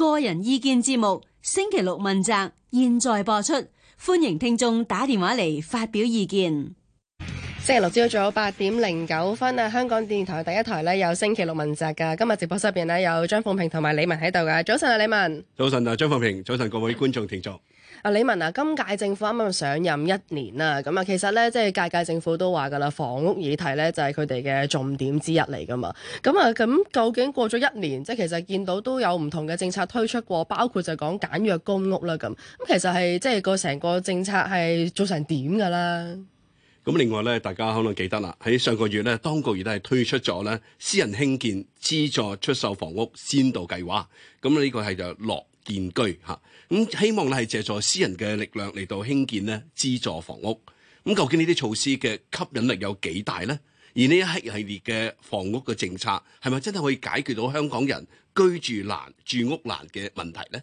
個人意見節目星期六問責，現在播出，歡迎聽眾打電話嚟發表意見。星期六朝早八點零九分啊，香港電台第一台咧有星期六問責噶，今日直播室入邊咧有張鳳平同埋李文喺度噶。早晨啊，李文。早晨啊，張鳳平。早晨各位觀眾聽眾。啊李文啊，今屆政府啱啱上任一年啦，咁啊其實咧即係屆屆政府都話噶啦，房屋議題咧就係佢哋嘅重點之一嚟噶嘛。咁啊咁究竟過咗一年，即係其實見到都有唔同嘅政策推出過，包括就講簡約公屋啦咁。咁其實係即係個成個政策係做成點噶啦？咁另外咧，大家可能記得啦，喺上個月咧，當局亦都係推出咗咧私人興建資助出售房屋先導計劃。咁呢個係就樂建居嚇。希望借助私人嘅力量嚟到興建呢資助房屋。咁究竟呢啲措施嘅吸引力有幾大呢？而呢一系列嘅房屋嘅政策，係咪真係可以解決到香港人居住難、住屋難嘅問題呢？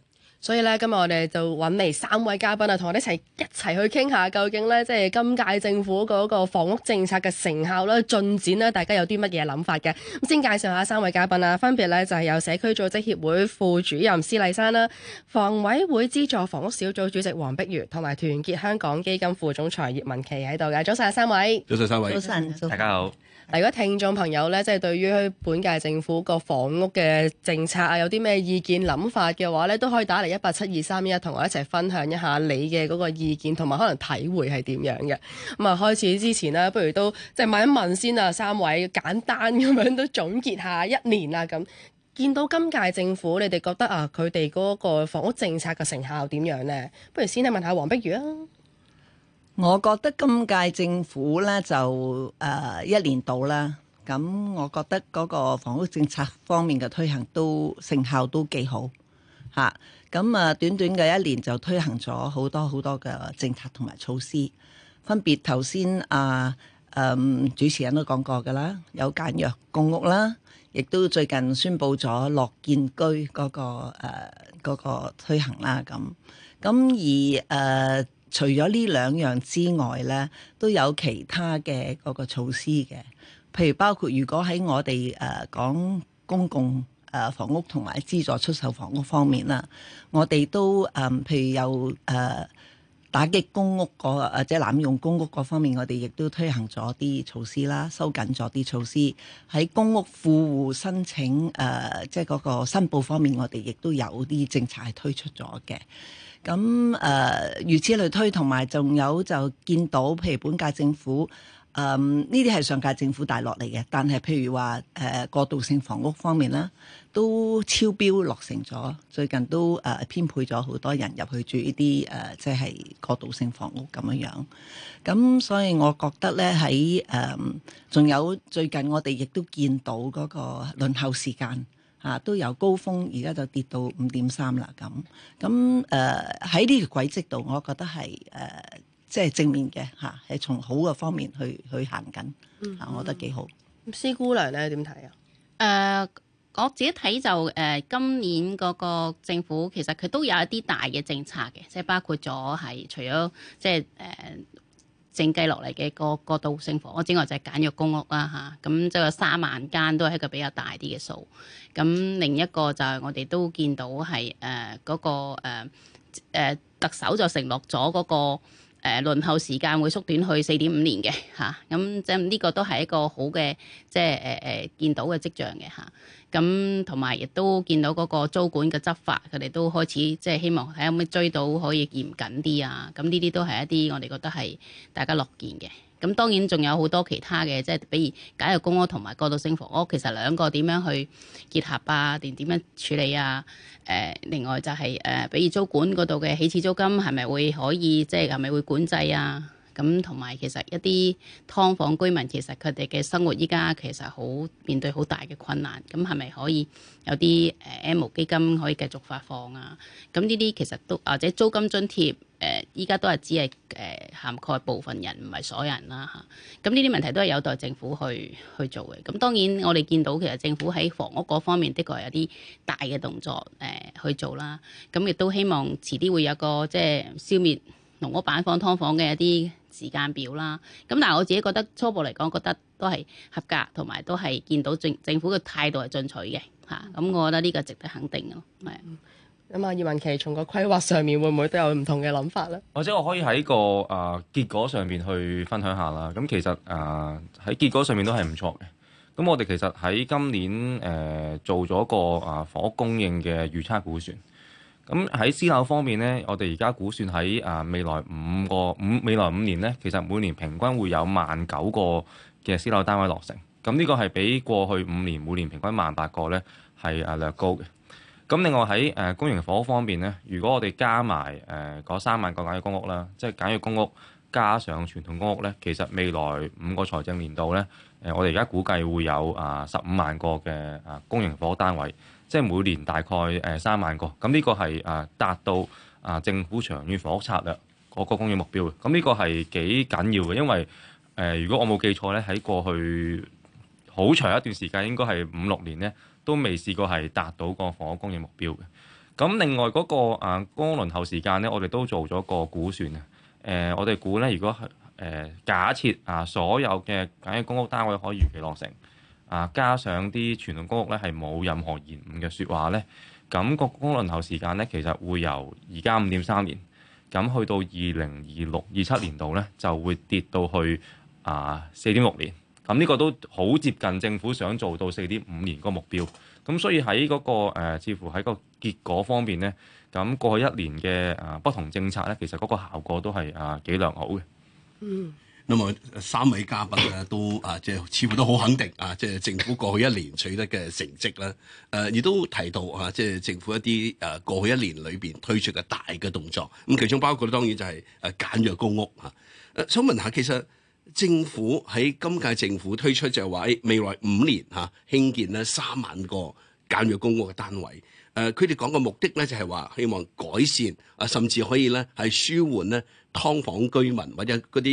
所以咧，今日我哋就揾嚟三位嘉賓啊，同我哋一齊一齊去傾下，究竟咧即係今屆政府嗰個房屋政策嘅成效啦、進展啦，大家有啲乜嘢諗法嘅？咁先介紹下三位嘉賓啊，分別咧就係由社區組織協會副主任施麗珊啦、房委會資助房屋小組主席黃碧如同埋團結香港基金副總裁葉文祺喺度嘅。早晨三位！早晨，三位！早晨，早晨！大家好。嚟，如果聽眾朋友咧，即係對於本屆政府個房屋嘅政策啊，有啲咩意見諗法嘅話咧，都可以打嚟一八七二三一，同我一齊分享一下你嘅嗰個意見，同埋可能體會係點樣嘅咁啊。開始之前呢，不如都即係、就是、問一問先啊，三位簡單咁樣都總結一下一年啦。咁見到今屆政府，你哋覺得啊，佢哋嗰個房屋政策嘅成效點樣呢？不如先你問下黃碧如啊。我覺得今屆政府呢，就誒、呃、一年度啦，咁我覺得嗰個房屋政策方面嘅推行都成效都幾好吓。啊咁啊，短短嘅一年就推行咗好多好多嘅政策同埋措施，分別頭先啊，嗯，主持人都講過噶啦，有簡約公屋啦，亦都最近宣布咗樂建居嗰、嗰個誒嗰、啊嗰個推行啦，咁咁而誒、啊、除咗呢兩樣之外咧，都有其他嘅嗰個措施嘅，譬如包括如果喺我哋誒講公共。誒房屋同埋資助出售房屋方面啦，我哋都誒，譬如有誒打擊公屋個誒，或者濫用公屋各方面，我哋亦都推行咗啲措施啦，收緊咗啲措施。喺公屋富戶申請誒，即係嗰個申報方面，我哋亦都有啲政策係推出咗嘅。咁誒、呃，如此類推，同埋仲有就見到，譬如本屆政府。嗯，呢啲係上屆政府帶落嚟嘅，但係譬如話誒、呃、過渡性房屋方面啦，都超標落成咗，最近都誒編配咗好多人入去住呢啲誒，即、呃、係、就是、過渡性房屋咁樣這樣。咁、嗯、所以我覺得呢，喺誒，仲、呃、有最近我哋亦都見到嗰個輪候時間嚇、啊，都有高峰而家就跌到五點三啦咁。咁誒喺呢個軌跡度，我覺得係誒。呃即係正面嘅嚇，係從好嘅方面去去行緊嚇，我覺得幾好。施、嗯嗯、姑娘咧點睇啊？誒、呃，我自己睇就誒、呃，今年嗰個政府其實佢都有一啲大嘅政策嘅，即係包括咗係除咗即係誒正計落嚟嘅嗰個過渡性房屋之外就係簡約公屋啦嚇。咁即係三萬間都係一個比較大啲嘅數。咁另一個就係我哋都見到係誒嗰個誒、呃、特首就承諾咗嗰、那個。誒、呃、輪候時間會縮短去四點五年嘅嚇，咁即呢個都係一個好嘅，即係誒誒見到嘅跡象嘅嚇。咁同埋亦都見到嗰個租管嘅執法，佢哋都開始即係、就是、希望睇下可唔可以追到可以嚴謹啲啊。咁呢啲都係一啲我哋覺得係大家樂見嘅。咁當然仲有好多其他嘅，即係比如假入公屋同埋過渡性房屋，其實兩個點樣去結合啊？定點樣處理啊？誒、呃，另外就係、是、誒、呃，比如租管嗰度嘅起始租金係咪會可以，即係係咪會管制啊？咁同埋其實一啲劏房居民其實佢哋嘅生活依家其實好面對好大嘅困難，咁係咪可以有啲誒、呃、M、MO、基金可以繼續發放啊？咁呢啲其實都或者租金津貼。誒依家都係只係誒、呃、涵蓋部分人，唔係所有人啦嚇。咁呢啲問題都係有待政府去去做嘅。咁當然我哋見到其實政府喺房屋嗰方面的確係有啲大嘅動作誒、啊、去做啦。咁、啊、亦都希望遲啲會有個即係消滅籠屋板房㓥房嘅一啲時間表啦。咁、啊、但係我自己覺得初步嚟講，覺得都係合格，同埋都係見到政政府嘅態度係進取嘅嚇。咁、啊、我覺得呢個值得肯定嘅。咁啊，葉文祺從個規劃上面會唔會都有唔同嘅諗法呢？或者我可以喺個啊、呃、結果上面去分享下啦。咁其實啊喺、呃、結果上面都係唔錯嘅。咁我哋其實喺今年誒、呃、做咗個啊房屋供應嘅預測估算。咁喺私樓方面呢，我哋而家估算喺啊未來五個五未來五年呢，其實每年平均會有萬九個嘅私樓單位落成。咁呢個係比過去五年每年平均萬八個呢，係啊略高嘅。咁另外喺誒公營房屋方面咧，如果我哋加埋誒嗰三萬個簡約公屋啦，即係簡約公屋加上傳統公屋咧，其實未來五個財政年度咧，誒我哋而家估計會有啊十五萬個嘅啊公營房屋單位，即係每年大概誒三萬個。咁、這、呢個係啊達到啊政府長遠房屋策略嗰個供應目標嘅。咁、這、呢個係幾緊要嘅，因為誒如果我冇記錯咧，喺過去好長一段時間應該係五六年咧。都未試過係達到個房屋供應目標嘅。咁另外嗰、那個啊公屋輪候時間呢，我哋都做咗個估算啊。誒、呃，我哋估呢，如果係誒、呃、假設啊所有嘅簡約公屋單位可以預期落成啊，加上啲傳統公屋呢係冇任何延誤嘅説話呢，咁、那個公屋輪候時間呢，其實會由而家五點三年，咁去到二零二六二七年度呢，就會跌到去啊四點六年。咁呢個都好接近政府想做到四點五年個目標，咁所以喺嗰、嗰個、呃、似乎喺個結果方面咧，咁過去一年嘅誒不同政策咧，其實嗰個效果都係啊幾良好嘅。嗯，咁啊、嗯、三位嘉賓咧都啊即係似乎都好肯定啊，即係政府過去一年取得嘅成績啦、啊，誒、啊、亦都提到啊，即、啊、係政府一啲誒過去一年裏邊推出嘅大嘅動作，咁、啊、其中包括咧當然就係誒簡約公屋嚇。誒、啊、想問下其實。政府喺今屆政府推出就係話，誒未來五年嚇、啊、興建咧三萬個簡約公屋嘅單位。誒、呃，佢哋講嘅目的咧就係話希望改善啊，甚至可以咧係舒緩咧劏房居民或者嗰啲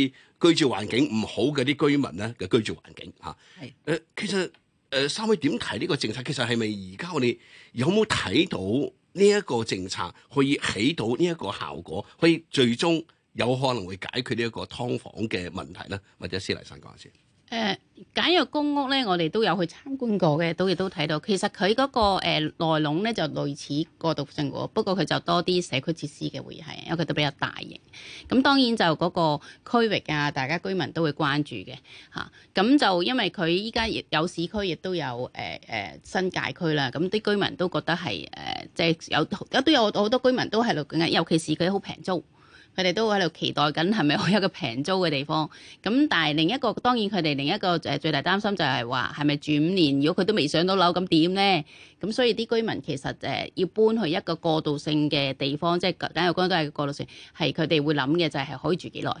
居住環境唔好嘅啲居民咧嘅居住環境嚇。係、啊、誒是、呃，其實誒、呃、三位點睇呢個政策？其實係咪而家我哋有冇睇到呢一個政策可以起到呢一個效果？可以最終？有可能會解決呢一個劏房嘅問題啦。或者施麗珊講下先。誒、uh, 簡約公屋咧，我哋都有去參觀過嘅，都亦都睇到。其實佢嗰、那個誒、呃、內籠咧就類似過渡性嘅，不過佢就多啲社區設施嘅會係，因為佢都比較大型。咁當然就嗰個區域啊，大家居民都會關注嘅嚇。咁、啊、就因為佢依家有市區亦都有誒誒、呃呃、新界區啦，咁啲居民都覺得係誒、呃、即係有而家都有好多居民都係嚟住嘅，尤其是佢好平租。佢哋都會喺度期待緊，係咪有一個平租嘅地方？咁但係另一個當然，佢哋另一個誒最大擔心就係話係咪住五年？如果佢都未上到樓，咁點呢？咁所以啲居民其實誒要搬去一個過渡性嘅地方，即係簡言之都係過渡性，係佢哋會諗嘅就係可以住幾耐。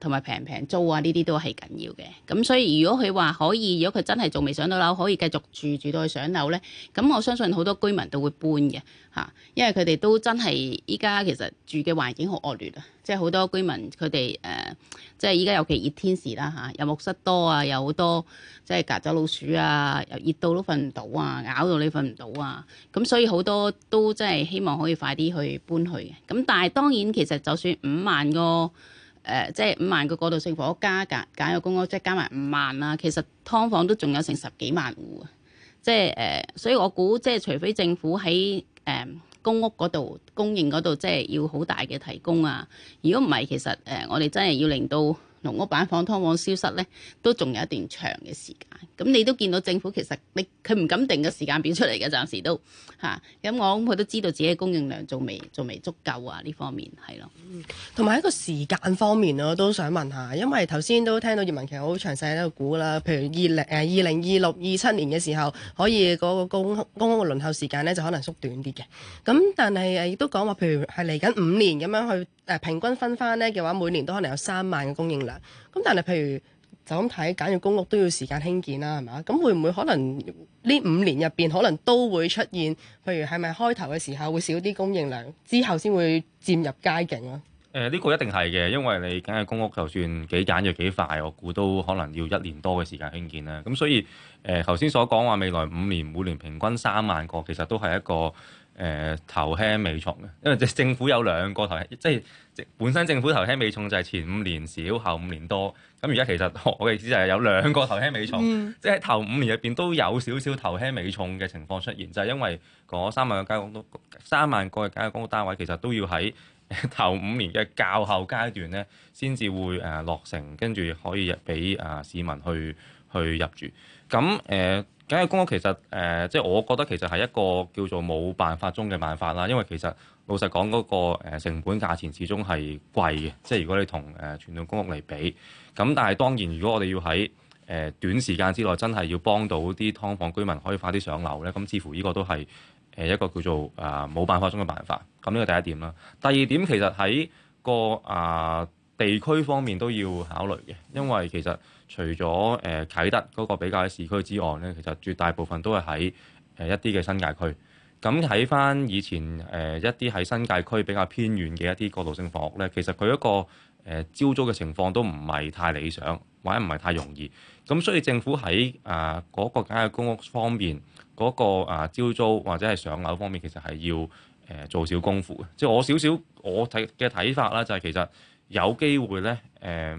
同埋平唔平租啊？呢啲都係緊要嘅。咁所以，如果佢話可以，如果佢真係仲未上到樓，可以繼續住住到去上樓咧，咁我相信好多居民都會搬嘅嚇，因為佢哋都真係依家其實住嘅環境好惡劣啊，即係好多居民佢哋誒，即係依家尤其熱天時啦嚇，啊，又木塞多啊，有好多即係曱甴老鼠啊，又熱到都瞓唔到啊，咬到你瞓唔到啊，咁所以好多都真係希望可以快啲去搬去嘅。咁但係當然其實就算五萬個。誒、呃，即係五萬個過渡性房屋加夾揀入公屋，即係加埋五萬啦。其實劏房都仲有成十幾萬戶啊！即係誒、呃，所以我估即係除非政府喺誒、呃、公屋嗰度供應嗰度，即係要好大嘅提供啊。如果唔係，其實誒，我哋真係要令到籠屋板房劏房消失咧，都仲有一段長嘅時間。咁你都見到政府其實你佢唔敢定個時間表出嚟嘅，暫時都嚇。咁、啊、我諗佢都知道自己嘅供應量仲未仲未足夠啊，呢方面係咯。同埋一個時間方面我都想問下，因為頭先都聽到葉文祺好詳細喺度估啦，譬如二零誒二零二六、二七年嘅時候，可以個公公屋嘅輪候時間咧就可能縮短啲嘅。咁但係誒亦都講話，譬如係嚟緊五年咁樣去誒、呃、平均分翻咧嘅話，每年都可能有三萬嘅供應量。咁但係譬如。就咁睇簡約公屋都要時間興建啦，係嘛？咁會唔會可能呢五年入邊可能都會出現？譬如係咪開頭嘅時候會少啲供應量，之後先會漸入佳境？咯、呃？誒，呢個一定係嘅，因為你簡約公屋就算幾簡約又幾快，我估都可能要一年多嘅時間興建啦。咁所以誒，頭、呃、先所講話未來五年每年平均三萬個，其實都係一個誒頭、呃、輕尾重嘅，因為即政府有兩個頭，即係本身政府頭輕尾重就係前五年少，後五年多。咁而家其實我嘅意思就係有兩個頭輕尾重，嗯、即係頭五年入邊都有少少頭輕尾重嘅情況出現，就係、是、因為嗰三萬個簡約公屋三萬個嘅簡約公屋單位，其實都要喺頭五年嘅較後階段咧，先至會誒、呃、落成，跟住可以俾誒市民去去入住。咁誒簡約公屋其實誒、呃、即係我覺得其實係一個叫做冇辦法中嘅辦法啦，因為其實老實講嗰、那個成本價錢始終係貴嘅，即係如果你同誒、呃、傳統公屋嚟比。咁但係當然，如果我哋要喺誒短時間之內真係要幫到啲㓥房居民可以快啲上樓呢，咁似乎呢個都係誒一個叫做啊冇辦法中嘅辦法。咁呢個第一點啦。第二點其實喺個啊、呃、地區方面都要考慮嘅，因為其實除咗誒啟德嗰個比較喺市區之外呢，其實絕大部分都係喺誒一啲嘅新界區。咁睇返以前誒一啲喺新界區比較偏遠嘅一啲過渡性房屋呢，其實佢一個。誒招租嘅情況都唔係太理想，或者唔係太容易。咁所以政府喺啊嗰個間嘅公屋方面，嗰、那個啊招、呃、租或者係上樓方面，其實係要誒、呃、做少功夫。即係我少少我睇嘅睇法啦，就係其實有機會呢，誒、呃、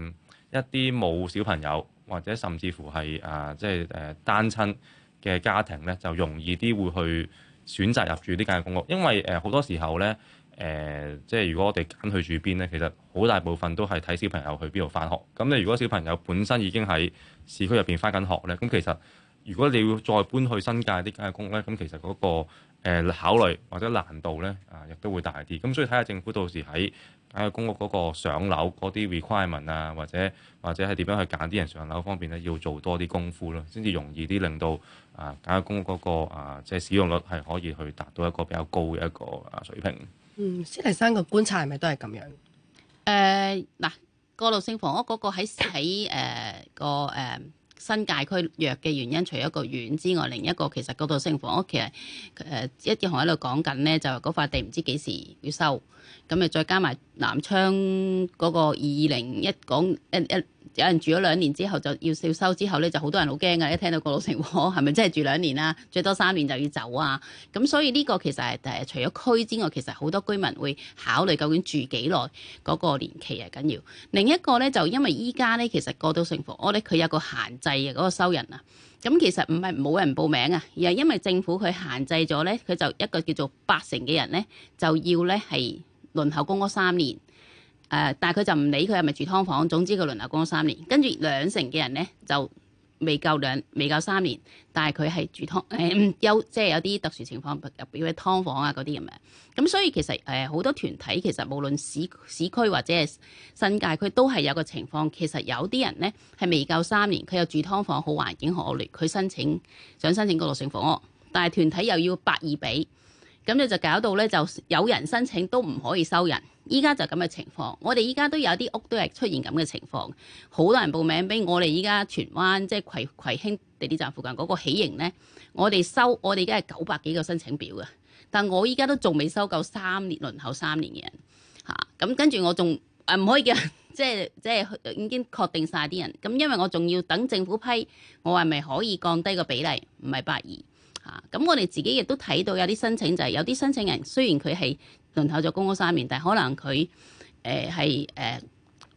一啲冇小朋友或者甚至乎係啊即係誒單親嘅家庭呢，就容易啲會去選擇入住呢間嘅公屋，因為誒好、呃、多時候呢。誒、呃，即係如果我哋揀去住邊呢，其實好大部分都係睇小朋友去邊度返學。咁你如果小朋友本身已經喺市區入邊返緊學呢，咁其實如果你要再搬去新界啲簡約公屋呢，咁其實嗰、嗰個、呃、考慮或者難度呢，啊，亦都會大啲。咁所以睇下政府到時喺簡約公屋嗰個上樓嗰啲 requirement 啊，或者或者係點樣去揀啲人上樓方面呢，要做多啲功夫咯，先至容易啲，令到啊簡約公屋嗰、嗰個啊即係使，使用率係可以去達到一個比較高嘅一個啊水平。嗯，先嚟三個觀察係咪都係咁樣？誒，嗱，過渡性房屋嗰個喺喺誒個誒、uh, 新界區弱嘅原因，除咗一個遠之外，另一個其實過渡性房屋其實誒、呃、一啲紅喺度講緊咧，就係、是、嗰塊地唔知幾時要收，咁咪再加埋。南昌嗰個二零一講一一有人住咗兩年之後就要收，之後咧就好多人好驚嘅，一聽到過渡性房係咪真係住兩年啦、啊？最多三年就要走啊！咁所以呢個其實係誒除咗區之外，其實好多居民會考慮究竟住幾耐嗰個年期係緊要。另一個咧就因為依家咧其實過渡性房屋，我咧佢有個限制嘅嗰、嗰個收人啊。咁其實唔係冇人報名啊，而係因為政府佢限制咗咧，佢就一個叫做八成嘅人咧就要咧係，輪候公屋三年，誒、呃，但係佢就唔理佢係咪住劏房，總之佢輪候公屋三年。跟住兩成嘅人咧就未夠兩，未夠三年，但係佢係住劏誒、呃，有即係、就是、有啲特殊情況入邊劏房啊嗰啲咁樣。咁所以其實誒好、呃、多團體其實無論市市區或者係新界，佢都係有個情況。其實有啲人咧係未夠三年，佢又住劏房，好環境好惡劣，佢申請想申請過渡性房屋，但係團體又要八二比。咁你就搞到咧，就有人申請都唔可以收人。依家就咁嘅情況，我哋依家都有啲屋都係出現咁嘅情況，好多人報名。比我哋依家荃灣即係、就是、葵葵，葵興地鐵站附近嗰個喜迎咧，我哋收我哋而家係九百幾個申請表嘅，但我依家都仲未收夠三年輪候三年嘅人嚇。咁、啊、跟住我仲誒唔可以嘅， 即係即係已經確定晒啲人。咁因為我仲要等政府批，我係咪可以降低個比例？唔係百二。2？咁我哋自己亦都睇到有啲申請就係、是、有啲申請人雖然佢係輪候咗公屋三年，但係可能佢誒係誒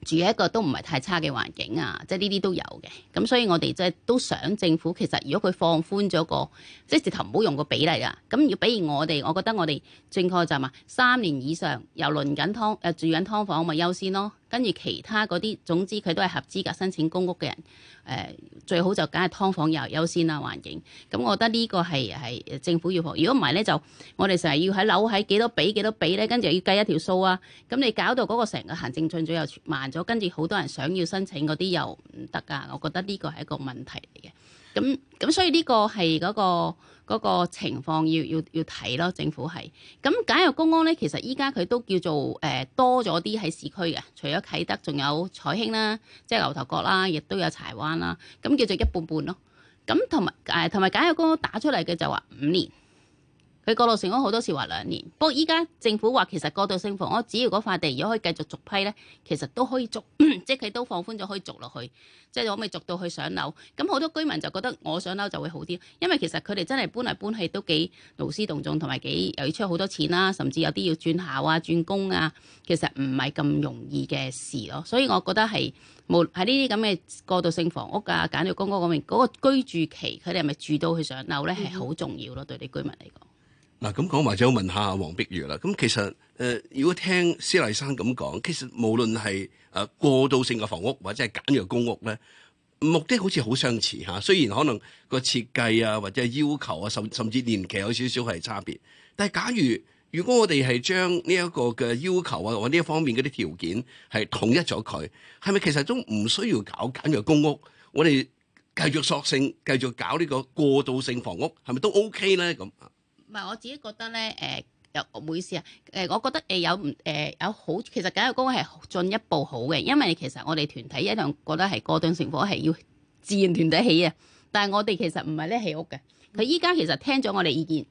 住喺一個都唔係太差嘅環境啊，即係呢啲都有嘅。咁所以我哋即係都想政府其實如果佢放寬咗個即係直頭唔好用個比例啊。咁如果比如我哋，我覺得我哋正確就係嘛，三年以上又輪緊㗎㗎住緊劏房咪優先咯。跟住其他嗰啲，總之佢都係合資格申請公屋嘅人，誒、呃、最好就梗係劏房又優先啦，環境。咁我覺得呢個係係政府要學，如果唔係呢，就我，我哋成日要喺樓喺幾多比幾多比呢？跟住要計一條數啊。咁你搞到嗰個成個行政進咗又慢咗，跟住好多人想要申請嗰啲又唔得㗎。我覺得呢個係一個問題嚟嘅。咁咁所以呢個係嗰、嗰個。嗰個情況要要要睇咯，政府係咁簡約公安屋咧。其實依家佢都叫做誒、呃、多咗啲喺市區嘅，除咗啟德，仲有彩興啦，即係牛頭角啦，亦都有柴灣啦。咁叫做一半半咯。咁同埋誒同埋簡約公屋打出嚟嘅就話五年。佢過渡性屋好多時話兩年，不過依家政府話其實過渡性房屋只要嗰塊地如果可以繼續續批咧，其實都可以續， 即係佢都放寬咗可以續落去，即係可唔可以續到去上樓？咁好多居民就覺得我上樓就會好啲，因為其實佢哋真係搬嚟搬去都幾勞師動眾，同埋幾又要出好多錢啦，甚至有啲要轉校啊、轉工啊，其實唔係咁容易嘅事咯。所以我覺得係冇喺呢啲咁嘅過渡性房屋啊、簡約公屋嗰邊嗰、嗰個居住期，佢哋係咪住到去上樓咧，係好重要咯，對啲居民嚟講。嗱咁講話，就問下黃碧如啦。咁其實，誒、呃，如果聽施麗珊咁講，其實無論係誒過渡性嘅房屋或者係簡約公屋咧，目的好似好相似嚇。雖然可能個設計啊，或者係要求啊，甚甚至年期有少少係差別，但係假如如果我哋係將呢一個嘅要求啊，或呢一方面嗰啲條件係統一咗佢，係咪其實都唔需要搞簡約公屋？我哋繼續索性繼續搞呢個過渡性房屋，係咪都 O K 咧？咁唔係我自己覺得咧，誒，唔好意思啊。誒，我覺得誒有唔誒、呃、有好，其實緊急公係進一步好嘅，因為其實我哋團體一樣覺得係過段情況係要自然團體起啊。但係我哋其實唔係咧起屋嘅，佢依家其實聽咗我哋意見，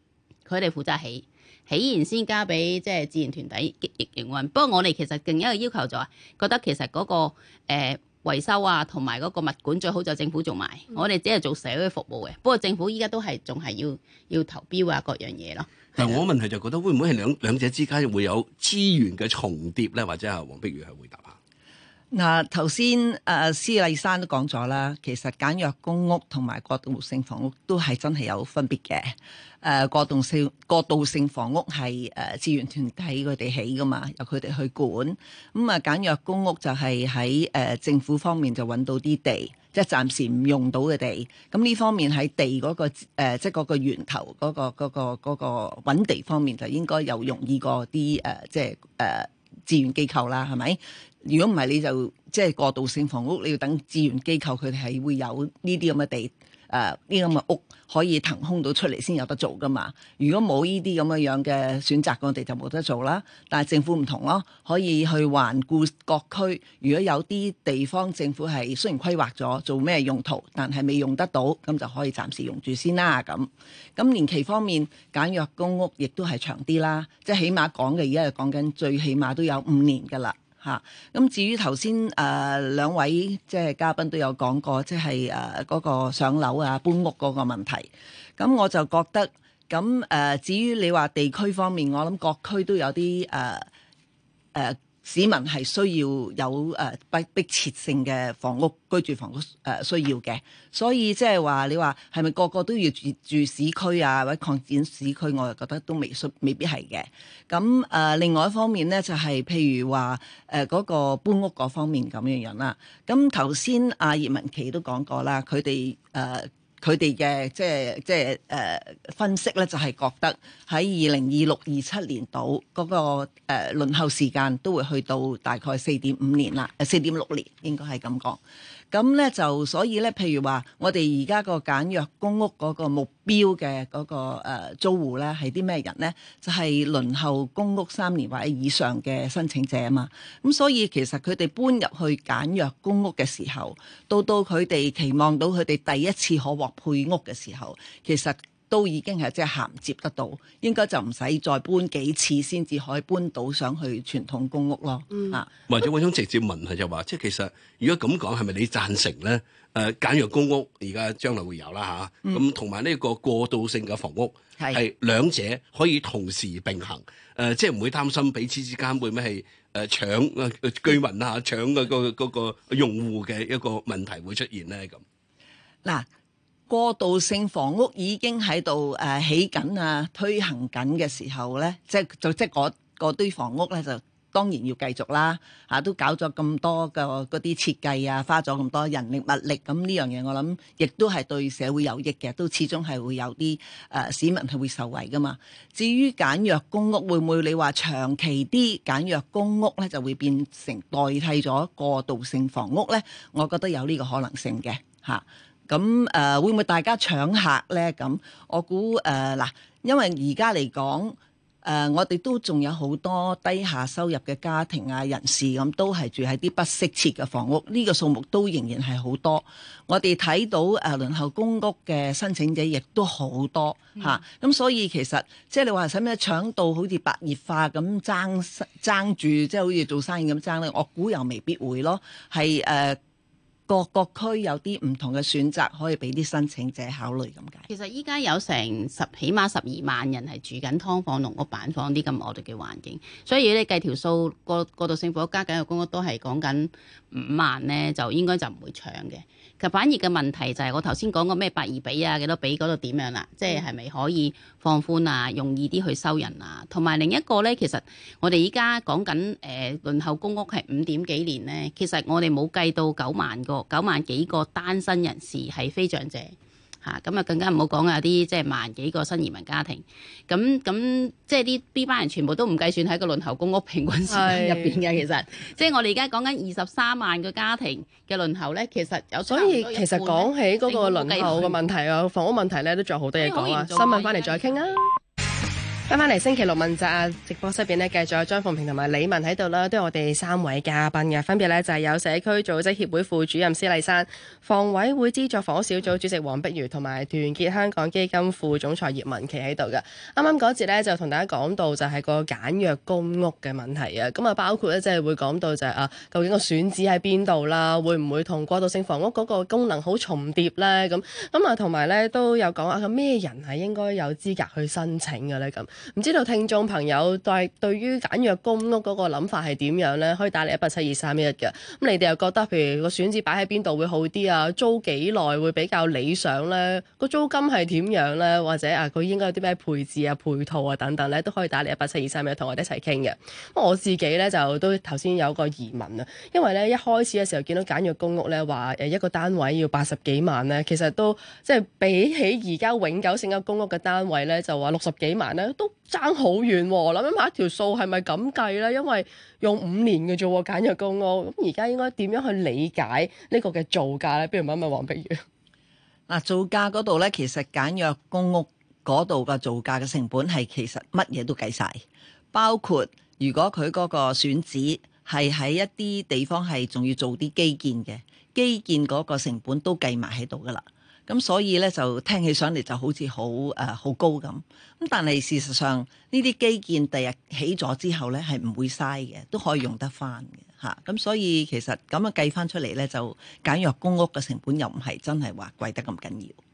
佢哋負責起，起完先交俾即係自然團體營運，運。不過我哋其實另一個要求就係覺得其實嗰、那個、呃維修啊，同埋個物管最好就政府做埋，嗯、我哋只係做社區服務嘅。不過政府依家都係仲係要要投標啊，各樣嘢咯。但係、嗯、我問題就覺得會唔會係兩兩者之間會有資源嘅重疊咧？或者係黃碧如係回答。嗱，頭先誒施麗珊都講咗啦，其實簡約公屋同埋過渡性房屋都係真係有分別嘅。誒、啊，過渡性過渡性房屋係誒志願團體佢哋起㗎嘛，由佢哋去管。咁、嗯、啊，簡約公屋就係喺誒政府方面就揾到啲地，即係暫時唔用到嘅地。咁、嗯、呢方面喺地嗰、嗰個、啊、即係嗰源頭嗰、嗰個嗰、嗰個揾、嗰個嗰個嗰個、地方面，就應該又容易過啲誒、啊，即係誒志願機構啦，係咪？如果唔係，你就即係過渡性房屋，你要等資源機構佢哋係會有呢啲咁嘅地，誒呢啲咁嘅屋可以騰空到出嚟先有得做噶嘛。如果冇呢啲咁嘅樣嘅選擇，我哋就冇得做啦。但係政府唔同咯，可以去環顧各區，如果有啲地方政府係雖然規劃咗做咩用途，但係未用得到，咁就可以暫時用住先啦。咁咁年期方面，簡約公屋亦都係長啲啦，即係起碼講嘅而家係講緊最起碼都有五年噶啦。咁、嗯、至於頭先誒兩位即係嘉賓都有講過，即係誒嗰個上樓啊，搬屋嗰個問題。咁、嗯、我就覺得，咁、嗯、誒、呃、至於你話地區方面，我諗各區都有啲誒誒。呃呃市民係需要有誒迫，呃、迫切性嘅房屋，居住房屋誒、呃、需要嘅，所以即係話你話係咪個個都要住住市區啊或者擴展市區，我係覺得都未需未必係嘅。咁誒、呃、另外一方面咧就係、是、譬如話誒嗰個搬屋嗰方面咁樣樣啦。咁頭先阿葉文祺都講過啦，佢哋誒。呃佢哋嘅即係即係誒、呃、分析咧，就係覺得喺二零二六、二七年度嗰、那個誒、呃、輪候時間都會去到大概四點五年啦，四點六年應該係咁講。咁咧就所以咧，譬如話，我哋而家個簡約公屋嗰個目標嘅嗰個誒租戶咧，係啲咩人咧？就係輪候公屋三年或者以上嘅申請者啊嘛。咁所以其實佢哋搬入去簡約公屋嘅時候，到到佢哋期望到佢哋第一次可獲配屋嘅時候，其實。都已經係即係銜接得到，應該就唔使再搬幾次先至可以搬到上去傳統公屋咯嚇。嗯啊、或者我想直接問題就話， 即係其實如果咁講，係咪你贊成咧？誒、呃，簡約公屋而家將來會有啦嚇。咁同埋呢個過渡性嘅房屋係兩者可以同時並行，誒、呃、即係唔會擔心彼此之間會唔會係誒搶居民啦嚇，搶、呃呃嗰個、嗰個嗰個嗰個、用戶嘅一個問題會出現咧咁。嗱。過渡性房屋已經喺度誒起緊啊，推行緊嘅時候咧，即係就即係嗰堆房屋咧，就當然要繼續啦嚇，都搞咗咁多嘅嗰啲設計啊，花咗咁多人力物力，咁呢樣嘢我諗亦都係對社會有益嘅，都始終係會有啲誒、呃、市民係會受惠噶嘛。至於簡約公屋會唔會你話長期啲簡約公屋咧，就會變成代替咗過渡性房屋咧？我覺得有呢個可能性嘅嚇。啊咁誒、呃、會唔會大家搶客咧？咁我估誒嗱，因為而家嚟講誒，我哋都仲有好多低下收入嘅家庭啊、人士咁、呃，都係住喺啲不適切嘅房屋，呢、呢個數目都仍然係好多。我哋睇到誒、呃、輪候公屋嘅申請者亦都好多吓，咁、嗯啊、所以其實即係、就是、你話使咩搶到好似白熱化咁爭爭住，即、就、係、是、好似做生意咁爭咧，我估又未必會咯，係誒。呃各個區有啲唔同嘅選擇，可以俾啲申請者考慮咁解。其實依家有成十起碼十二萬人係住緊劏房、農屋、板房啲咁惡劣嘅環境，所以你計條數，過過渡性房屋加緊嘅公屋都係講緊五萬呢，就應該就唔會搶嘅。其實反而嘅問題就係我頭先講過咩八二比啊幾多比嗰度點樣啦、啊？即係係咪可以放寬啊，容易啲去收人啊？同埋另一個咧，其實我哋而家講緊誒輪候公屋係五點幾年咧，其實我哋冇計到九萬個九萬幾個單身人士係非長者。吓咁啊，更加唔好講啊！啲即係萬幾個新移民家庭，咁、嗯、咁、嗯、即係啲呢班人全部都唔計算喺個輪候公屋平均時間入邊嘅其實，即係我哋而家講緊二十三萬個家庭嘅輪候咧，其實有所以其實講起嗰個輪候嘅問題啊，房屋問題咧都仲有好多嘢講啊，新聞返嚟再傾啊！翻翻嚟星期六問責直播室邊咧，繼續有張鳳平同埋李文喺度啦，都有我哋三位嘉賓嘅，分別咧就係、是、有社區組織協會副主任施麗珊、房委會資助房屋小組主席黃碧如同埋團結香港基金副總裁葉文祺喺度嘅。啱啱嗰節咧就同大家講到就係個簡約公屋嘅問題、就是就是、啊，咁啊包括咧即係會講到就係啊究竟個選址喺邊度啦，會唔會同過渡性房屋嗰個功能好重疊咧？咁咁啊同埋咧都有講啊，咁咩人係應該有資格去申請嘅咧？咁唔知道聽眾朋友對對於簡約公屋嗰個諗法係點樣咧？可以打嚟一八七二三一一嘅。咁你哋又覺得譬如個選址擺喺邊度會好啲啊？租幾耐會比較理想咧？個租金係點樣咧？或者啊，佢應該有啲咩配置啊、配套啊等等咧，都可以打嚟一八七二三一一同我哋一齊傾嘅。咁我自己咧就都頭先有個疑問啊，因為咧一開始嘅時候見到簡約公屋咧話誒一個單位要八十幾萬咧，其實都即係、就是、比起而家永久性嘅公屋嘅單位咧，就話六十幾萬咧都。爭好遠喎，諗下，一條數係咪咁計咧？因為用五年嘅啫，簡約公屋，咁而家應該點樣去理解個呢個嘅造價咧？不如問一問黃碧如。嗱，造價嗰度咧，其實簡約公屋嗰度嘅造價嘅成本係其實乜嘢都計晒，包括如果佢嗰個選址係喺一啲地方係仲要做啲基建嘅，基建嗰個成本都計埋喺度噶啦。咁所以咧就聽起上嚟就好似好誒好高咁，咁但係事實上呢啲基建第日起咗之後咧係唔會嘥嘅，都可以用得翻嘅嚇。咁、啊、所以其實咁樣計翻出嚟咧就簡約公屋嘅成本又唔係真係話貴得咁緊要。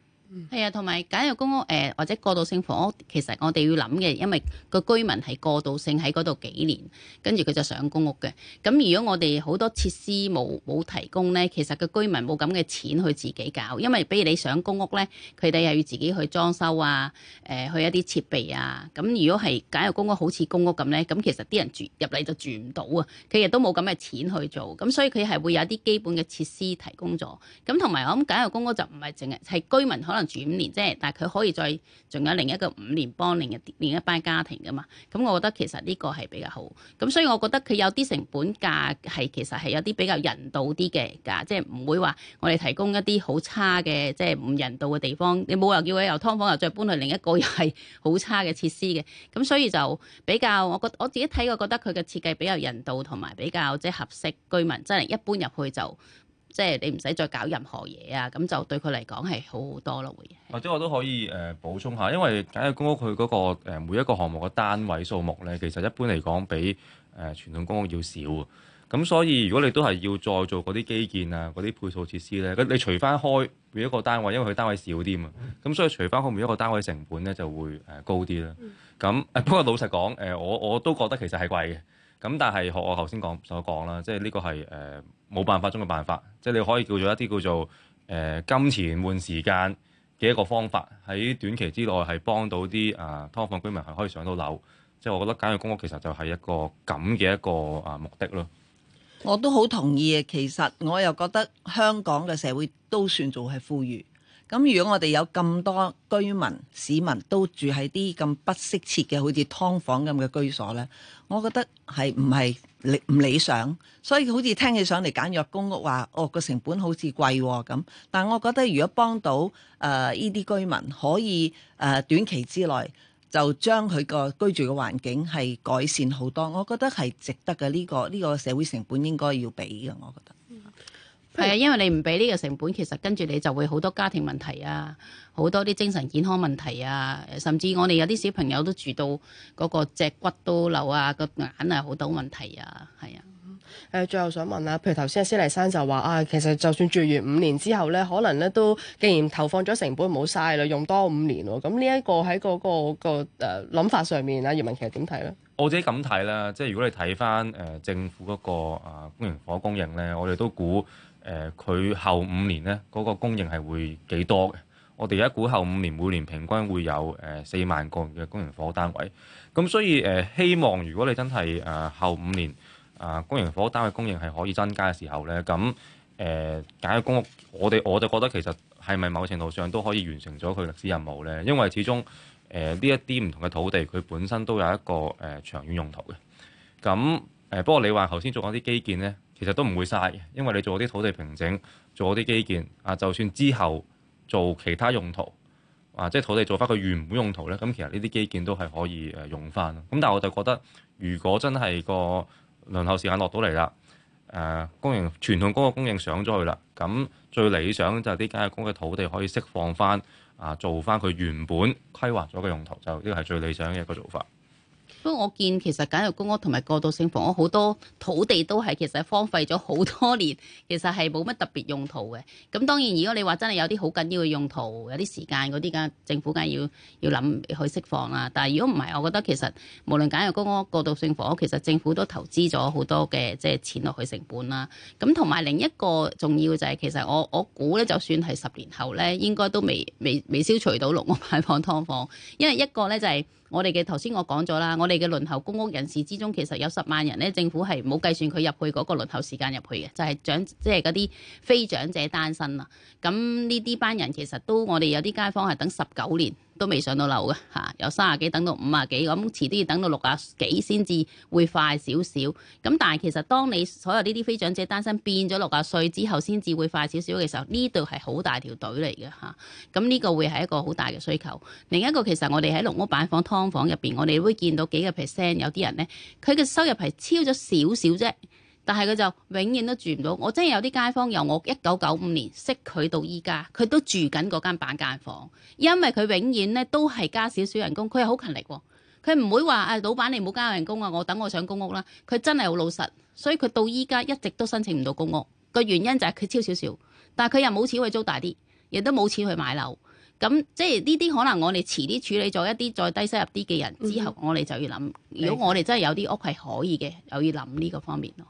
係啊，同埋簡約公屋誒、呃，或者過渡性房屋，其實我哋要諗嘅，因為個居民係過渡性喺嗰度幾年，跟住佢就上公屋嘅。咁如果我哋好多設施冇冇提供咧，其實個居民冇咁嘅錢去自己搞，因為比如你上公屋咧，佢哋又要自己去裝修啊，誒、呃，去一啲設備啊。咁如果係簡約公屋好似公屋咁咧，咁其實啲人住入嚟就住唔到啊，佢亦都冇咁嘅錢去做，咁所以佢係會有啲基本嘅設施提供咗。咁同埋我諗簡約公屋就唔係淨係係居民可能。住五年啫，但係佢可以再仲有另一個五年幫另一另一班家庭㗎嘛？咁我覺得其實呢個係比較好。咁所以我覺得佢有啲成本價係其實係有啲比較人道啲嘅價，即係唔會話我哋提供一啲好差嘅即係唔人道嘅地方。你冇話叫佢由劏房又再搬去另一個又係好差嘅設施嘅。咁所以就比較我覺，我自己睇過，我覺得佢嘅設計比較人道同埋比較即係合適居民真係一搬入去就。即係你唔使再搞任何嘢啊，咁就對佢嚟講係好好多咯，會。或者我都可以誒、呃、補充下，因為簡約公屋佢嗰、那個、呃、每一個項目嘅單位數目咧，其實一般嚟講比誒傳、呃、統公屋要少啊。咁所以如果你都係要再做嗰啲基建啊、嗰啲配套設施咧，佢除翻開每一個單位，因為佢單位少啲啊嘛，咁 所以除翻開每一個單位成本咧就會誒高啲啦。咁誒 不過老實講誒、呃，我我都覺得其實係貴嘅。咁但係學我頭先講所講啦，即係呢個係誒。呃冇辦法中嘅辦法，即係你可以叫做一啲叫做誒、呃、金錢換時間嘅一個方法，喺短期之內係幫到啲啊、呃、㓥房居民係可以上到樓，即係我覺得簡約公屋其實就係一個咁嘅一個啊目的咯。我都好同意嘅，其實我又覺得香港嘅社會都算做係富裕。咁如果我哋有咁多居民市民都住喺啲咁不適切嘅好似劏房咁嘅居所呢，我覺得係唔係？理唔理想，所以好似聽起上嚟簡約公屋話，哦個成本好似貴咁，哦。但係我覺得如果幫到誒呢啲居民，可以誒、呃、短期之內就將佢個居住嘅環境係改善好多，我覺得係值得嘅。呢、呢個呢、呢個社會成本應該要俾嘅，我覺得。係啊，因為你唔俾呢個成本，其實跟住你就會好多家庭問題啊，好多啲精神健康問題啊，甚至我哋有啲小朋友都住到嗰個脊骨都漏啊，個眼啊好多問題啊，係啊。誒、呃，最後想問啊，譬如頭先阿施麗珊就話啊，其實就算住完五年之後咧，可能咧都既然投放咗成本冇晒啦，用多五年喎，咁呢一個喺嗰、嗰個、嗰個誒諗、嗰個嗰個、法上面啊，葉文祺點睇咧？我自己咁睇啦，即係如果你睇翻誒政府嗰個啊公營火供應咧，我哋都估。誒佢、呃、後五年呢嗰、那個供應係會幾多嘅？我哋一估後五年每年平均會有誒、呃、四萬個嘅公營房屋單位。咁所以誒、呃，希望如果你真係誒、呃、後五年啊公營房屋單位供應係可以增加嘅時候呢，咁誒簡約公屋，我哋我就覺得其實係咪某程度上都可以完成咗佢歷史任務呢？因為始終誒呢一啲唔同嘅土地，佢本身都有一個誒長遠用途嘅。咁誒不過你話頭先做講啲基建呢。嗯嗯嗯嗯嗯嗯嗯其實都唔會嘥，因為你做啲土地平整，做啲基建，啊，就算之後做其他用途，啊，即係土地做翻佢原本用途咧，咁、啊、其實呢啲基建都係可以誒用翻。咁、啊、但係我就覺得，如果真係個輪候時間落到嚟啦，誒、啊，供應傳統工嘅供應上咗去啦，咁、啊、最理想就係啲工業區嘅土地可以釋放翻，啊，做翻佢原本規劃咗嘅用途，就呢個係最理想嘅一個做法。不過我見其實簡約公屋同埋過渡性房屋好多土地都係其實荒廢咗好多年，其實係冇乜特別用途嘅。咁當然如果你話真係有啲好緊要嘅用途，有啲時間嗰啲咁，政府梗係要要諗去釋放啦。但係如果唔係，我覺得其實無論簡約公屋、過渡性房屋，其實政府都投資咗好多嘅即係錢落去成本啦。咁同埋另一個重要嘅就係，其實我我估咧，就算係十年後咧，應該都未未未消除到籠屋買房劏房，因為一個咧就係。我哋嘅頭先我講咗啦，我哋嘅輪候公屋人士之中，其實有十萬人咧，政府係冇計算佢入去嗰個輪候時間入去嘅，就係長即係啲非長者單身啦。咁呢啲班人其實都我哋有啲街坊係等十九年。都未上到樓嘅嚇、啊，由三十幾等到五啊幾，咁、嗯、遲啲要等到六啊幾先至會快少少。咁、嗯、但係其實當你所有呢啲非長者單身變咗六啊歲之後，先至會快少少嘅時候，呢度係好大條隊嚟嘅嚇。咁、啊、呢、嗯呢個會係一個好大嘅需求。另一個其實我哋喺籠屋板房劏房入邊，我哋會見到幾個 percent 有啲人呢，佢嘅收入係超咗少少啫。但係佢就永遠都住唔到。我真係有啲街坊由我一九九五年識佢到依家，佢都住緊嗰間板間房，因為佢永遠咧都係加少少人工。佢係好勤力喎、啊，佢唔會話啊，老闆你唔好加人工啊，我等我上公屋啦。佢真係好老實，所以佢到依家一直都申請唔到公屋。個原因就係佢超少少，但係佢又冇錢去租大啲，亦都冇錢去買樓。咁即係呢啲可能我哋遲啲處理咗一啲再低收入啲嘅人之後，我哋就要諗，嗯、如果我哋真係有啲屋係可以嘅，又要諗呢個方面咯。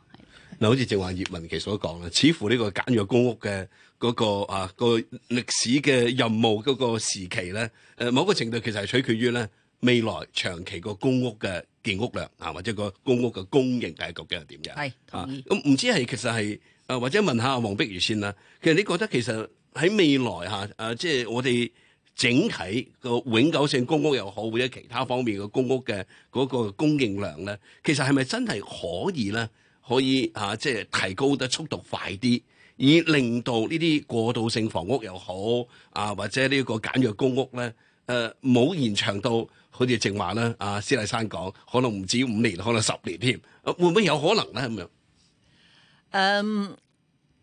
嗱，好似正話葉文祺所講啦，似乎呢個簡約公屋嘅嗰、那個啊、那個歷史嘅任務嗰個時期咧，誒、呃、某個程度其實係取決於咧未來長期個公屋嘅建屋量啊，或者個公屋嘅供應大局嘅點樣。係同意。咁唔、啊、知係其實係誒、啊，或者問下黃碧如先啦。其實你覺得其實喺未來嚇誒，即、啊、係、啊就是、我哋整體個永久性公屋又好，或者其他方面嘅公屋嘅嗰個供應量咧，其實係咪真係可以咧？可以啊，即係提高得速度快啲，以令到呢啲過渡性房屋又好啊，或者呢個簡約公屋咧，誒、啊、冇延長到好似正話啦。啊，施麗珊講，可能唔止五年，可能十年添、啊，會唔會有可能咧咁樣？嗯，um,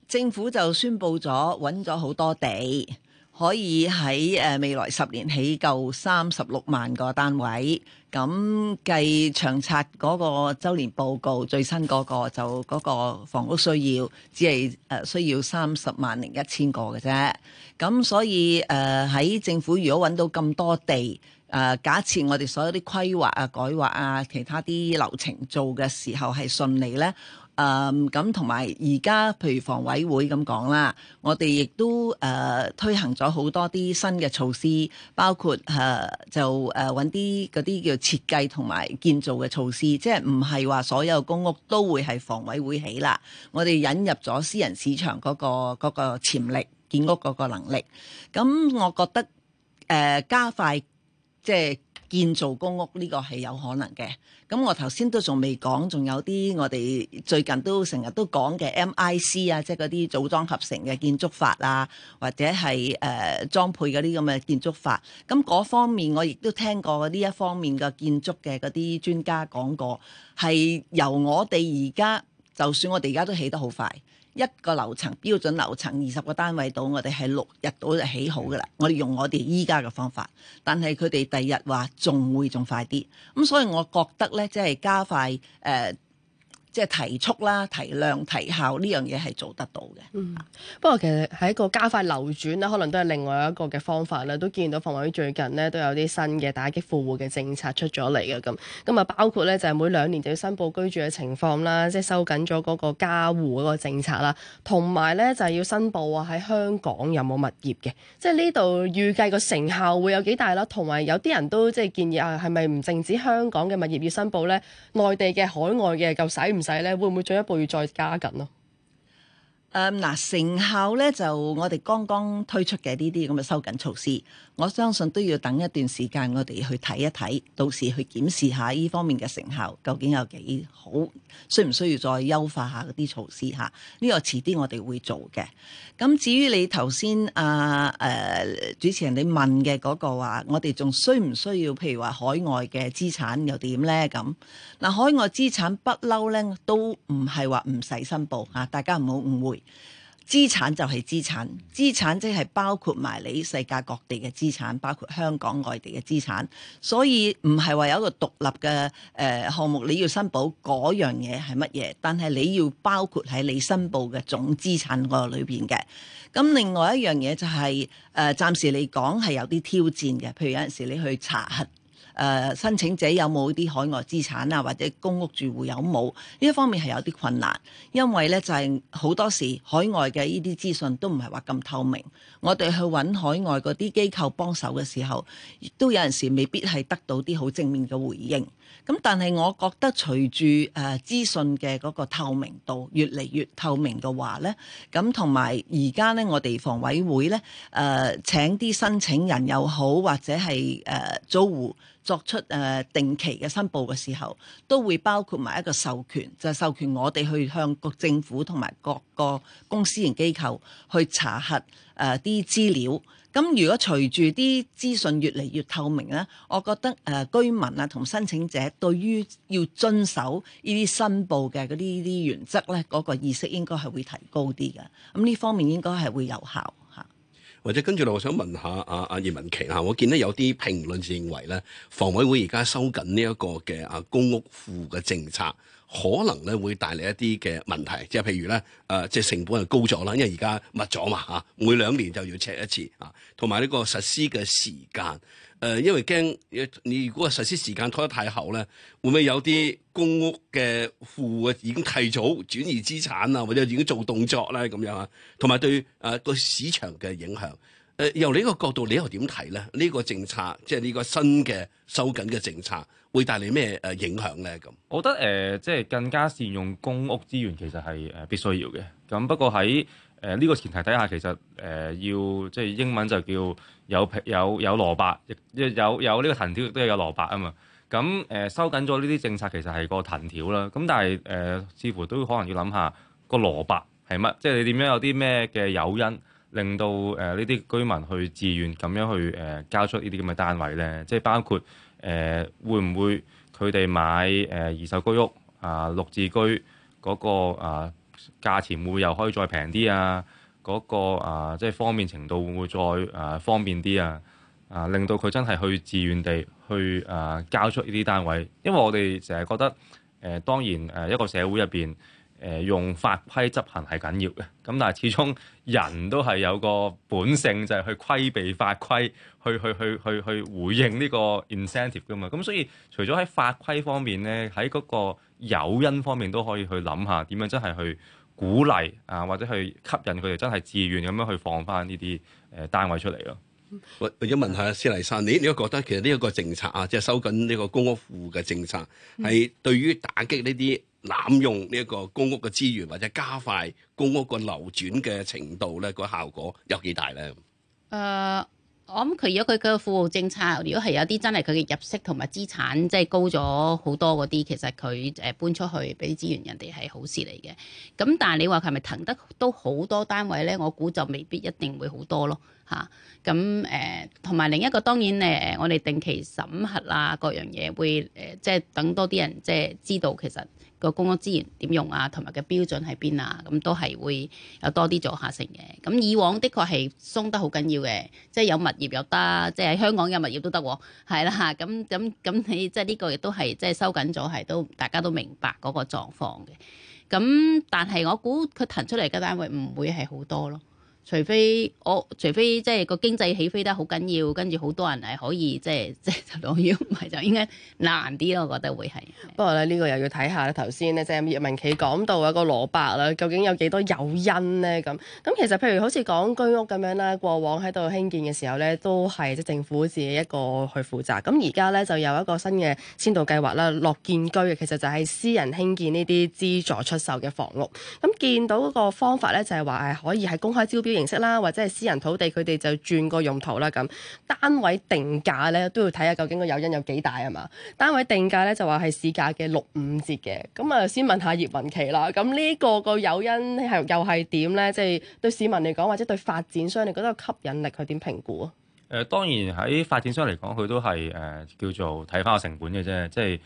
政府就宣布咗揾咗好多地。可以喺誒、呃、未來十年起夠三十六萬個單位，咁計長策嗰個周年報告最新嗰、那個就嗰個房屋需要，只係誒、呃、需要三十萬零一千個嘅啫。咁所以誒喺、呃、政府如果揾到咁多地，誒、呃、假設我哋所有啲規劃啊、改劃啊、其他啲流程做嘅時候係順利咧。誒咁同埋而家，譬如房委會咁講啦，我哋亦都誒、呃、推行咗好多啲新嘅措施，包括誒、呃、就誒揾啲嗰啲叫設計同埋建造嘅措施，即係唔係話所有公屋都會係房委會起啦？我哋引入咗私人市場嗰、嗰個嗰、嗰個、潛力建屋嗰個能力。咁我覺得誒、呃、加快即係。建造公屋呢個係有可能嘅，咁我頭先都仲未講，仲有啲我哋最近都成日都講嘅 M I C 啊，即係嗰啲組裝合成嘅建築法啊，或者係誒裝配嗰啲咁嘅建築法，咁嗰方面我亦都聽過呢一方面嘅建築嘅嗰啲專家講過，係由我哋而家，就算我哋而家都起得好快。一個樓層，標準樓層二十個單位度，我哋係六日度就起好㗎喇。我哋用我哋依家嘅方法，但係佢哋第二日話仲會仲快啲，咁所以我覺得咧，即係加快誒。呃即係提速啦、提量、提效呢樣嘢係做得到嘅。嗯嗯、不過其實係一個加快流轉啦，可能都係另外一個嘅方法啦。都見到房委會最近呢都有啲新嘅打擊富戶嘅政策出咗嚟嘅咁。咁啊包括咧就係、是、每兩年就要申報居住嘅情況啦，即係收緊咗嗰個家戶嗰個政策啦，同埋咧就係、是、要申報啊喺香港有冇物業嘅。即係呢度預計個成效會有幾大啦，同埋有啲人都即係建議啊，係咪唔淨止香港嘅物業要申報咧？內地嘅、海外嘅夠使唔？唔使咧，會唔會進一步要再加緊咯？誒，嗱、呃、成效咧，就我哋剛剛推出嘅呢啲咁嘅收緊措施，我相信都要等一段時間，我哋去睇一睇，到時去檢視下呢方面嘅成效究竟有幾好，需唔需要再優化下嗰啲措施吓？呢、這個遲啲我哋會做嘅。咁至於你頭先阿誒主持人你問嘅嗰個話，我哋仲需唔需要？譬如話海外嘅資產又點咧？咁嗱，海外資產不嬲咧，都唔係話唔使申報吓，大家唔好誤會。資產就係資產，資產即係包括埋你世界各地嘅資產，包括香港外地嘅資產，所以唔係話有一個獨立嘅誒項目你要申報嗰樣嘢係乜嘢，但係你要包括喺你申報嘅總資產個裏邊嘅。咁另外一樣嘢就係誒暫時嚟講係有啲挑戰嘅，譬如有陣時你去查核。誒、呃、申請者有冇啲海外資產啊，或者公屋住戶有冇？呢一方面係有啲困難，因為咧就係、是、好多時海外嘅呢啲資訊都唔係話咁透明，我哋去揾海外嗰啲機構幫手嘅時候，都有陣時未必係得到啲好正面嘅回應。咁但係我覺得隨住誒資訊嘅嗰個透明度越嚟越透明嘅話咧，咁同埋而家咧，我哋房委會咧誒請啲申請人又好，或者係誒租戶作出誒定期嘅申報嘅時候，都會包括埋一個授權，就係、授權我哋去向各政府同埋各個公私營機構去查核。誒啲資料，咁如果隨住啲資訊越嚟越透明咧，我覺得誒、呃、居民啊同申請者對於要遵守呢啲申報嘅呢啲原則咧，嗰、嗰個意識應該係會提高啲嘅。咁呢方面應該係會有效嚇。或者跟住落，我想問下阿阿葉文祺啦，我見到有啲評論認為咧，房委會而家收緊呢一個嘅啊公屋庫嘅政策。可能咧會帶嚟一啲嘅問題，即係譬如咧，誒、呃、即係成本係高咗啦，因為而家密咗嘛嚇，每兩年就要 check 一次啊，同埋呢個實施嘅時間，誒、呃、因為驚你如果係實施時間拖得太後咧，會唔會有啲公屋嘅戶已經提早轉移資產啊，或者已經做動作咧咁樣啊，同埋對誒個、呃、市場嘅影響。由呢個角度，你又點睇咧？呢個政策，即係呢個新嘅收緊嘅政策，會帶嚟咩誒影響咧？咁，我覺得誒、呃，即係更加善用公屋資源，其實係誒必須要嘅。咁不過喺誒呢個前提底下，其實誒、呃、要即係英文就叫有有有有蘿蔔，亦有有呢個藤條，亦都有蘿蔔啊嘛。咁誒收緊咗呢啲政策，其實係個藤條啦。咁但係誒，似乎都可能要諗下個蘿蔔係乜，即係你點樣有啲咩嘅誘因。令到誒呢啲居民去自願咁樣去誒、呃、交出呢啲咁嘅單位呢，即係包括誒、呃、會唔會佢哋買誒、呃、二手居屋啊、呃、綠置居嗰、那個啊、呃、價錢會又可以再平啲啊？嗰、那個啊、呃、即係方便程度會唔會再誒、呃、方便啲啊？啊、呃、令到佢真係去自願地去誒、呃、交出呢啲單位，因為我哋成日覺得誒、呃、當然誒一個社會入邊。誒用法規執行係緊要嘅，咁但係始終人都係有個本性，就係去規避法規，去去去去去回應呢個 incentive 噶嘛。咁所以除咗喺法規方面咧，喺嗰個誘因方面都可以去諗下，點樣真係去鼓勵啊，或者去吸引佢哋真係自願咁樣去放翻呢啲誒單位出嚟咯。為為咗問，問下施麗珊，你你覺得其實呢一個政策啊，即係收緊呢個公屋戶嘅政策，係對於打擊呢啲濫用呢一個公屋嘅資源，或者加快公屋個流轉嘅程度咧，個效果有幾大咧？誒、呃，我諗佢如果佢嘅富戶政策，如果係有啲真係佢嘅入息同埋資產即係高咗好多嗰啲，其實佢誒搬出去俾啲資源人哋係好事嚟嘅。咁但係你話佢係咪騰得都好多單位咧？我估就未必一定會好多咯。嚇，咁誒，同埋、嗯、另一個當然誒，我哋定期審核啦，各樣嘢會誒、呃，即係等多啲人即係知道其實個公屋資源點用啊，同埋嘅標準喺邊啊，咁、嗯、都係會有多啲做下成嘅。咁、嗯、以往的確係鬆得好緊要嘅，即係有物業又得，即係喺香港有物業都得喎，係啦嚇。咁咁咁，嗯、你即係呢個亦都係即係收緊咗，係都大家都明白嗰個狀況嘅。咁、嗯、但係我估佢騰出嚟嘅單位唔會係好多咯。除非我、哦，除非即係個經濟起飛得好緊要，跟住好多人係可以即係即係就當然唔係就應該難啲咯。我覺得會係。不過咧，呢、這個又要睇下咧。頭先咧，即係葉文祺講到嗰個蘿蔔啦，究竟有幾多誘因咧？咁咁其實譬如好似講居屋咁樣啦，過往喺度興建嘅時候咧，都係即係政府自己一個去負責。咁而家咧就有一個新嘅先導計劃啦，樂建居嘅其實就係私人興建呢啲資助出售嘅房屋。咁見到個方法咧，就係話係可以喺公開招標，形式啦，或者係私人土地，佢哋就轉個用途啦。咁單位定價呢，都要睇下究竟個誘因有幾大係嘛？單位定價呢，就話係市價嘅六五折嘅。咁啊，先問下葉文祺啦。咁呢個個誘因係又係點呢？即、就、係、是、對市民嚟講，或者對發展商你覺得吸引力佢點評估？誒、呃，當然喺發展商嚟講，佢都係誒、呃、叫做睇返個成本嘅啫。即係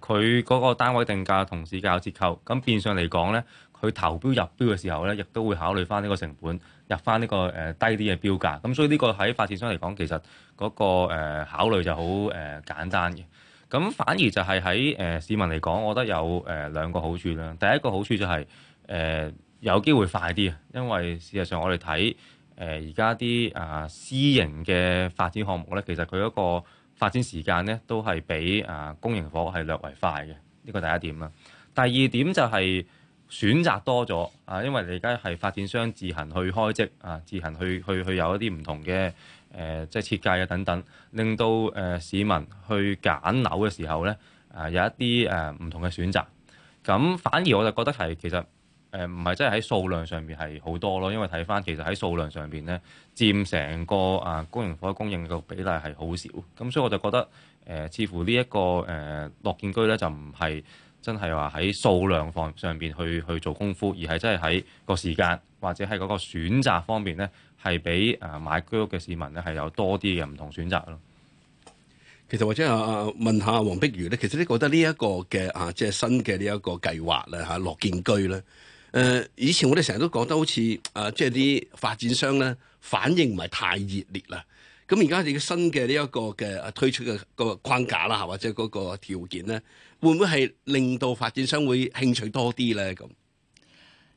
佢嗰個單位定價同市價有折扣，咁變相嚟講呢。去投標入標嘅時候咧，亦都會考慮翻呢個成本，入翻呢個誒低啲嘅標價。咁所以呢個喺發展商嚟講，其實嗰、那個、呃、考慮就好誒簡單嘅。咁反而就係喺誒市民嚟講，我覺得有誒兩、呃、個好處啦。第一個好處就係、是、誒、呃、有機會快啲嘅，因為事實上我哋睇誒而家啲啊私營嘅發展項目咧，其實佢嗰個發展時間咧都係比啊、呃、公營房屋係略為快嘅。呢、這個第一點啦。第二點就係、是。選擇多咗啊，因為你而家係發展商自行去開則啊，自行去去去有一啲唔同嘅誒、呃，即係設計啊等等，令到誒、呃、市民去揀樓嘅時候呢，啊、呃，有一啲誒唔同嘅選擇。咁反而我就覺得係其實誒唔係真係喺數量上面係好多咯，因為睇返其實喺數量上邊呢，佔成個啊、呃、公營房供應嘅比例係好少。咁所以我就覺得誒、呃，似乎呢、這、一個誒綠置居咧就唔係。真係話喺數量方上邊去去做功夫，而係真係喺個時間或者係嗰個選擇方面咧，係俾誒買居屋嘅市民咧係有多啲嘅唔同選擇咯。其實或者啊問下黃碧如咧，其實你覺得呢一個嘅啊即係新嘅呢一個計劃啦，嚇樂建居咧，誒、呃、以前我哋成日都覺得好似啊即係啲發展商咧反應唔係太熱烈啦。咁而家你嘅新嘅呢一個嘅推出嘅個框架啦，嚇或者嗰個條件咧，會唔會係令到發展商會興趣多啲咧？咁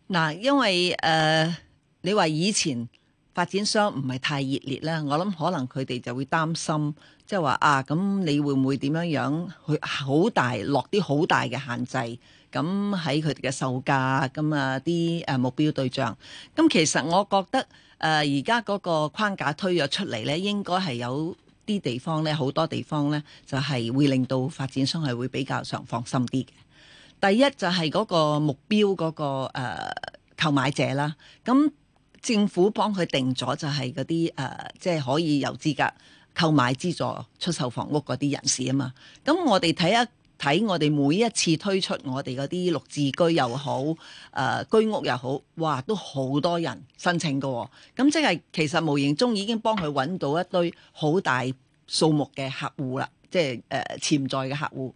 嗱，因為誒、呃，你話以前發展商唔係太熱烈咧，我諗可能佢哋就會擔心，即係話啊，咁你會唔會點樣樣去好大落啲好大嘅限制？咁喺佢哋嘅售價，咁啊啲誒目標對象，咁其實我覺得。誒而家嗰個框架推咗出嚟咧，應該係有啲地方咧，好多地方咧，就係會令到發展商係會比較上放心啲嘅。第一就係嗰個目標嗰個誒、呃、購買者啦，咁政府幫佢定咗就係嗰啲誒即係可以有資格購買資助出售房屋嗰啲人士啊嘛。咁我哋睇下。睇我哋每一次推出我哋嗰啲綠置居又好，誒、呃、居屋又好，哇都好多人申請嘅、哦，咁、嗯、即係其實無形中已經幫佢揾到一堆好大數目嘅客戶啦，即係誒潛在嘅客戶。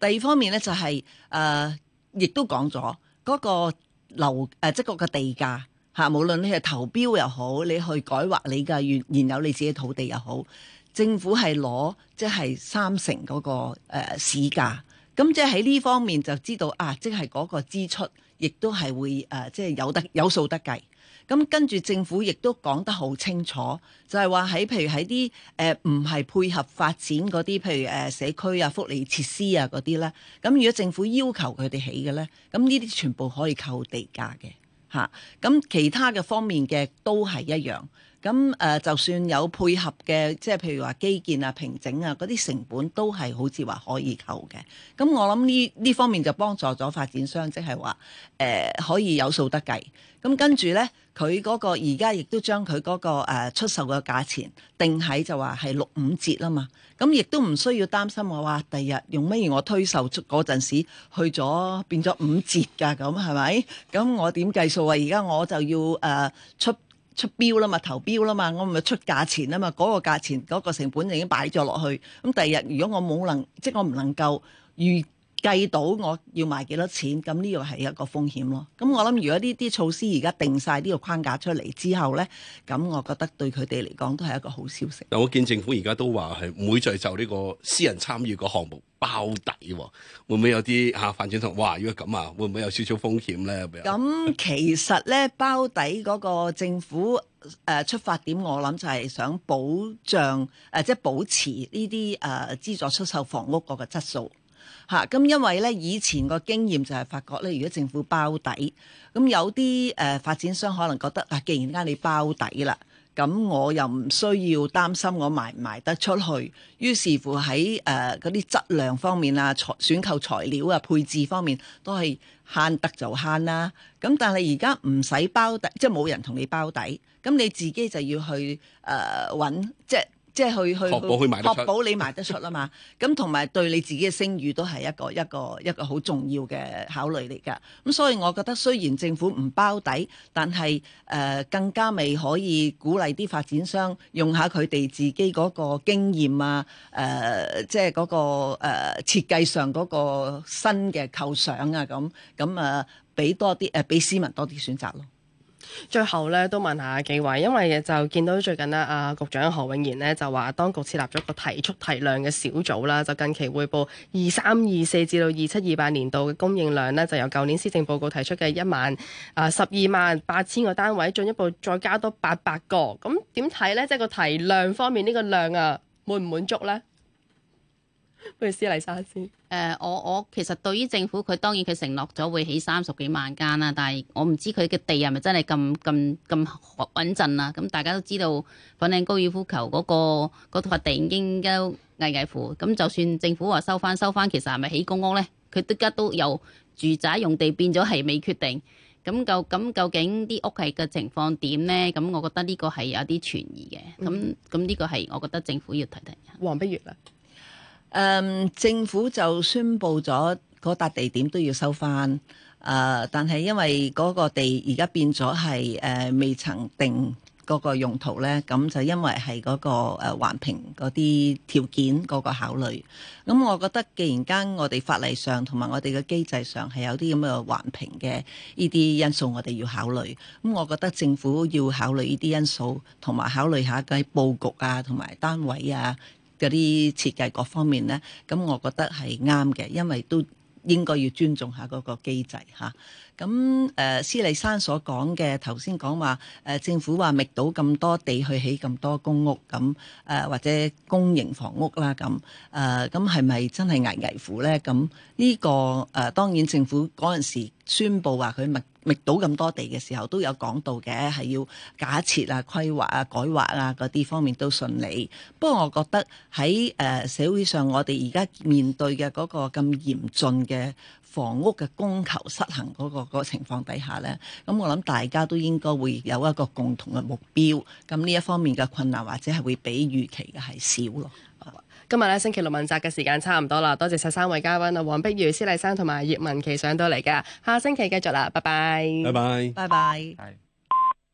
第二方面咧就係誒亦都講咗嗰個樓誒，即係嗰個地價吓，無論你係投標又好，你去改劃你嘅原現有你自己土地又好。政府係攞即係三成嗰個誒市價，咁即係喺呢方面就知道啊，即係嗰個支出亦都係會誒即係有得有數得計。咁跟住政府亦都講得好清楚，就係話喺譬如喺啲誒唔係配合發展嗰啲，譬如誒社區啊、福利設施啊嗰啲啦，咁如果政府要求佢哋起嘅咧，咁呢啲全部可以扣地價嘅嚇。咁，啊，其他嘅方面嘅都係一樣。咁誒，就算有配合嘅，即係譬如話基建啊、平整啊，嗰啲成本都係好似話可以扣嘅。咁我諗呢呢方面就幫助咗發展商，即係話誒可以有數得計。咁跟住咧，佢嗰個而家亦都將佢嗰個誒出售嘅價錢定喺就話係六五折啊嘛。咁亦都唔需要擔心我話第日用乜嘢我推售出嗰陣時，去咗變咗五折噶，咁係咪？咁我點計數啊？而家我就要誒、呃、出。出標啦嘛，投標啦嘛，我咪出價錢啦嘛，嗰、那個價錢嗰、那個成本已經擺咗落去。咁第二日如果我冇能，即係我唔能夠預。計到我要賣幾多錢，咁呢個係一個風險咯。咁、嗯、我諗，如果呢啲措施而家定晒呢個框架出嚟之後呢，咁我覺得對佢哋嚟講都係一個好消息。但我見政府而家都話係唔會再就呢個私人參與個項目包底，會唔會有啲嚇、啊、返轉頭？哇！如果咁啊，會唔會有少少風險呢？咁、嗯、其實呢，包底嗰個政府誒、呃、出發點，我諗就係想保障誒、呃，即係保持呢啲誒資助出售房屋個個質素。嚇！咁因為咧，以前個經驗就係發覺咧，如果政府包底，咁有啲誒發展商可能覺得，嗱，既然而家你包底啦，咁我又唔需要擔心我賣唔賣得出去，於是乎喺誒嗰啲質量方面啊，材選購材料啊，配置方面都係慳得就慳啦。咁但係而家唔使包底，即係冇人同你包底，咁你自己就要去誒揾、呃，即係。即係去去確保，保你賣得出啊嘛，咁同埋對你自己嘅聲譽都係一個一個一個好重要嘅考慮嚟㗎。咁所以我覺得雖然政府唔包底，但係誒、呃、更加咪可以鼓勵啲發展商用下佢哋自己嗰個經驗啊，誒即係嗰個誒、呃、設計上嗰個新嘅構想啊，咁咁啊俾多啲誒俾市民多啲選擇咯。最後咧都問下幾位，因為就見到最近咧，啊局長何永賢咧就話當局設立咗個提速提量嘅小組啦，就近期匯報二三二四至到二七二八年度嘅供應量咧，就由舊年施政報告提出嘅一萬啊十二萬八千個單位，進一步再加多八百個，咁點睇咧？即係個提量方面呢、這個量啊滿唔滿足咧？不如施麗珊先看看。誒、呃，我我其實對於政府佢當然佢承諾咗會起三十幾萬間啦，但係我唔知佢嘅地係咪真係咁咁咁穩陣啊？咁、嗯、大家都知道粉嶺高爾夫球嗰、那個嗰笪地已經都危危乎，咁就算政府話收翻收翻，其實係咪起公屋咧？佢而家都有住宅用地變咗，係未決定。咁究咁究竟啲屋係嘅情況點咧？咁我覺得呢個係有啲存疑嘅。咁咁呢個係我覺得政府要睇睇。黃碧如啦。誒、um, 政府就宣布咗嗰笪地點都要收翻，誒、呃，但係因為嗰個地而家變咗係誒未曾定嗰個用途咧，咁就因為係嗰、那個誒環評嗰啲條件嗰、那個考慮，咁我覺得既然間我哋法例上同埋我哋嘅機制上係有啲咁嘅環評嘅呢啲因素，我哋要考慮，咁我覺得政府要考慮呢啲因素，同埋考慮下計佈局啊，同埋單位啊。嗰啲設計各方面咧，咁我覺得係啱嘅，因為都應該要尊重下嗰個機制吓，咁、啊、誒，施麗珊所講嘅頭先講話誒，政府話覓到咁多地去起咁多公屋咁誒、啊，或者公營房屋啦咁誒，咁係咪真係危危乎咧？咁、啊、呢、這個誒、啊，當然政府嗰陣時宣布話佢密。覓到咁多地嘅時候都有講到嘅，係要假設啊、規劃啊、改劃啊嗰啲方面都順利。不過我覺得喺誒社會上，我哋而家面對嘅嗰個咁嚴峻嘅房屋嘅供求失衡嗰個嗰個情況底下呢，咁我諗大家都應該會有一個共同嘅目標。咁呢一方面嘅困難或者係會比預期嘅係少咯。今日星期六問責嘅時間差唔多啦，多謝曬三位嘉賓啊，黃碧如、施麗珊同埋葉文祺上到嚟㗎，下星期繼續啦，拜拜。拜拜。拜拜。